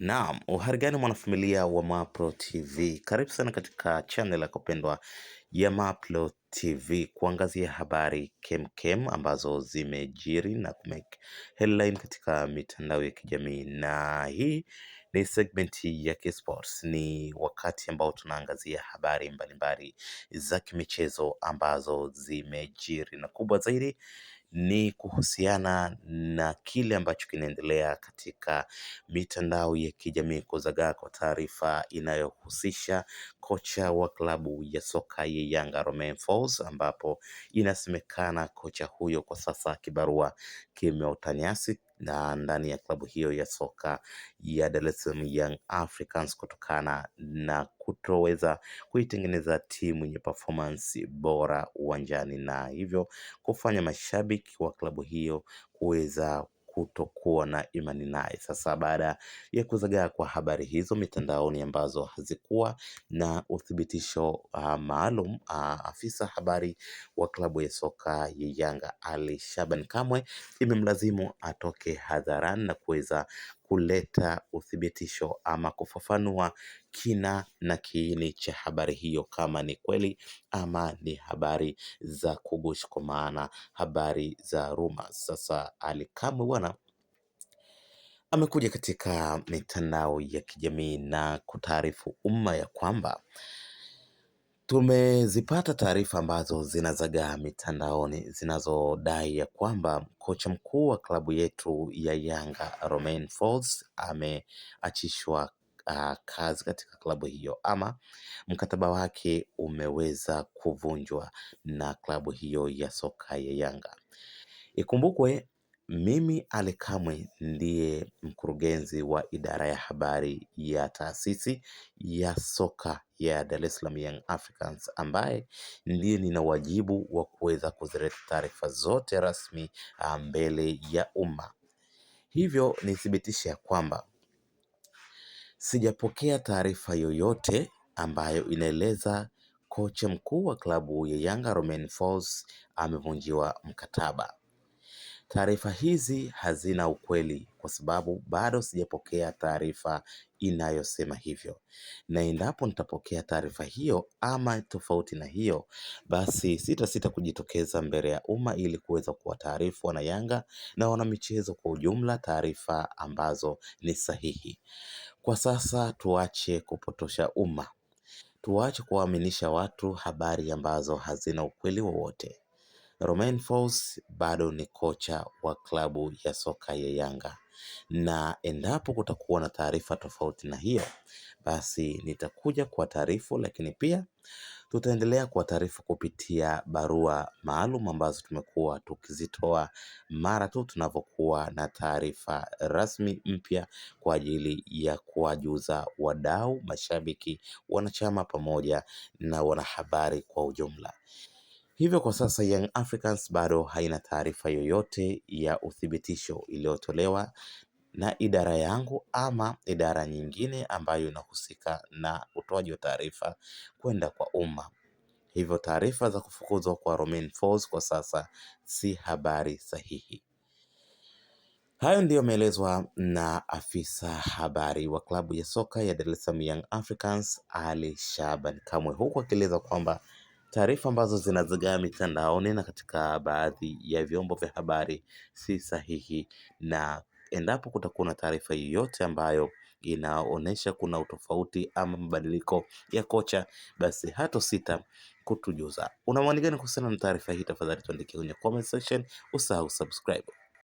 Naam, uharigani mwanafamilia wa Mapro TV, karibu sana katika channel ya kupendwa ya Mapro TV kuangazia habari kemkem ambazo zimejiri na kumake headline katika mitandao ya kijamii, na hii ni segment ya Sports. Ni wakati ambao tunaangazia habari mbalimbali za kimichezo ambazo zimejiri na kubwa zaidi ni kuhusiana na kile ambacho kinaendelea katika mitandao ya kijamii kuzagaa kwa taarifa inayohusisha kocha wa klabu ya soka ya Yanga Romain Folz, ambapo inasemekana kocha huyo kwa sasa kibarua kimeotanyasi na ndani ya klabu hiyo ya soka ya Dar es Salaam Young Africans kutokana na kutoweza kuitengeneza timu yenye performance bora uwanjani, na hivyo kufanya mashabiki wa klabu hiyo kuweza kutokuwa na imani naye. Sasa baada ya kuzagaa kwa habari hizo mitandaoni ambazo hazikuwa na uthibitisho uh, maalum uh, afisa habari wa klabu ya soka ya Yanga Ali Shaban Kamwe imemlazimu atoke hadharani na kuweza kuleta uthibitisho ama kufafanua kina na kiini cha habari hiyo kama ni kweli ama ni habari za kugushi kwa maana habari za ruma Sasa ali Kamwe bwana amekuja katika mitandao ya kijamii na kutaarifu umma ya kwamba Tumezipata taarifa ambazo zinazagaa mitandaoni zinazodai ya kwamba kocha mkuu wa klabu yetu ya Yanga Romain Folz ameachishwa uh, kazi katika klabu hiyo ama mkataba wake umeweza kuvunjwa na klabu hiyo ya soka ya Yanga. Ikumbukwe mimi Ally Kamwe ndiye mkurugenzi wa idara ya habari ya taasisi ya soka ya Dar es Salaam Young Africans ambaye ndiye nina wajibu wa kuweza kuzileta taarifa zote rasmi ah, mbele ya umma. Hivyo nithibitishe ya kwamba sijapokea taarifa yoyote ambayo inaeleza kocha mkuu wa klabu ya Yanga Romain Folz amevunjiwa mkataba. Taarifa hizi hazina ukweli kwa sababu bado sijapokea taarifa inayosema hivyo, na endapo nitapokea taarifa hiyo ama tofauti na hiyo, basi sitasita kujitokeza mbele ya umma ili kuweza kuwataarifu wanayanga na wanamichezo kwa ujumla taarifa ambazo ni sahihi. Kwa sasa tuache kupotosha umma, tuache kuwaaminisha watu habari ambazo hazina ukweli wowote. Romain Folz bado ni kocha wa klabu ya soka ya Yanga, na endapo kutakuwa na taarifa tofauti na hiyo, basi nitakuja kwa taarifu, lakini pia tutaendelea kwa taarifu kupitia barua maalum ambazo tumekuwa tukizitoa mara tu tunapokuwa na taarifa rasmi mpya kwa ajili ya kuwajuza wadau, mashabiki, wanachama pamoja na wanahabari kwa ujumla. Hivyo kwa sasa Young Africans bado haina taarifa yoyote ya uthibitisho iliyotolewa na idara yangu ama idara nyingine ambayo inahusika na utoaji wa taarifa kwenda kwa umma. Hivyo taarifa za kufukuzwa kwa Romain Folz kwa sasa si habari sahihi. Hayo ndiyo ameelezwa na afisa habari wa klabu ya soka ya Dar es Salaam Young Africans Ali Shaban Kamwe, huku akieleza kwamba Taarifa ambazo zinazagaa mitandaoni na katika baadhi ya vyombo vya habari si sahihi, na endapo kutakuwa na taarifa yoyote ambayo inaonyesha kuna utofauti ama mabadiliko ya kocha, basi hato sita kutujuza. unamwanigani gani kuhusiana na taarifa hii? Tafadhali tuandikia kwenye comment section, usahau subscribe.